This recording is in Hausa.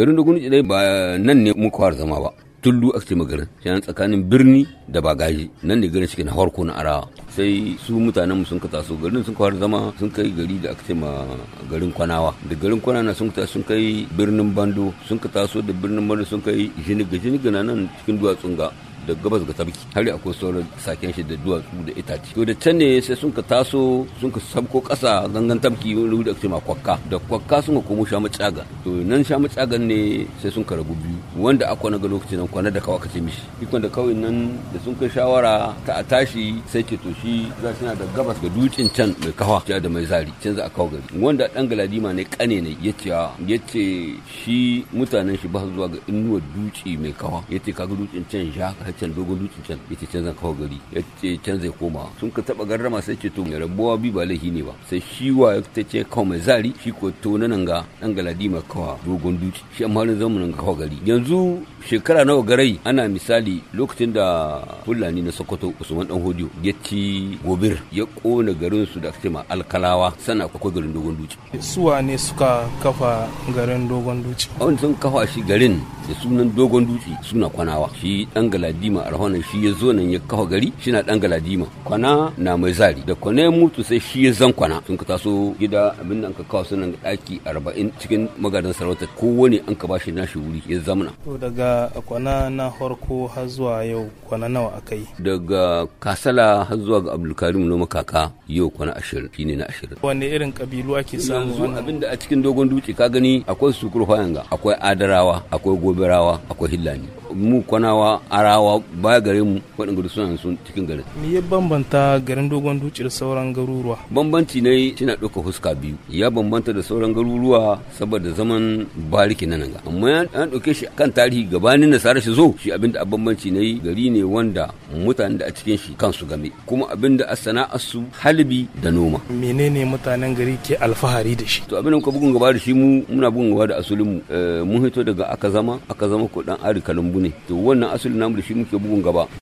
garin da gunu dai ba nan ne muka fara zama ba tullu aka ce magarin kenan tsakanin birni da bagaji nan ne garin cikin na harko na arawa sai su mutanen mu sun ka taso garin sun fara zama sun kai gari da aka ce ma garin kwanawa da garin kwanana sun ka sun kai birnin bando sun ka taso da birnin bando sun kai jiniga jiniga na nan cikin duwatsun ga da gabas ga tabki har akwai sauran saken shi da duwatsu da itace to da can ne sai sun ka taso sun ka sabko kasa gangan tabki wani da ake ma kwakka da kwakka sun ka komo shama caga to nan shama cagan ne sai sun ka rabu biyu wanda akwa na ga lokacin nan kwana da ka ce mishi ikon da kawai nan da sun ka shawara ta a tashi sai ce to shi za su da gabas ga dutsen can mai kawa ya da mai zari can za a kawo gari wanda dan galadima ne kane ne ya ce ah. ya ce shi mutanen shi ba su zuwa ga inuwar dutse mai kawa ya ce k'a kaga dutsen can ya har can dogon dutsen can yace can zan kawo gari yace can zai koma sun ka taba garrama sai ce to rabuwa bi ba lahi ne ba sai shi wa ta ce kawo mai zari shi ko to na nan ga dan galadi ma kawo dogon dutse shi amma ran zamu nan kawo gari yanzu shekara nawa garai ana misali lokacin da fulani na Sokoto Usman dan Hodiyo ya ci gobir ya kona garin su da ake ma alkalawa sana akwai garin dogon dutse suwa ne suka kafa garin dogon dutse an sun kafa shi garin da sunan dogon dutse suna kwanawa shi dan galadi galadima rahonan shi ya zo nan ya kawo gari shi na dan galadima kwana na mai zari da kwana ya mutu sai shi ya zan kwana sun ka taso gida abin an ka kawo sunan daki arba'in cikin magadan sarauta kowane an ka bashi nashi wuri ya zamana. to daga kwana na farko har zuwa yau kwana nawa aka yi. daga kasala har zuwa ga abdulkarim noma kaka yau kwana ashirin shine na ashirin. wanne irin kabilu ake samu wannan. abin da a cikin dogon duci ka gani akwai sukur akwai adarawa akwai goberawa akwai hillani. mu kwanawa arawa ba gare mu waɗanda suna sun cikin garin me ya bambanta garin dogon duci da sauran garuruwa bambanci ne tana ɗauka huska biyu ya bambanta da sauran garuruwa saboda zaman bariki na nan amma an ɗauke shi kan tarihi gabanin nasara shi zo shi abinda a bambanci ne gari ne wanda mutanen da a cikin shi kansu game kuma abinda a sana'arsu halibi da noma menene mutanen gari ke alfahari da shi to abinda muka bugun gaba da shi mu muna bugun gaba da asulin mu eh, mun hito daga aka zama aka zama ko dan ari ne to wannan asali namu da shi muke bugun gaba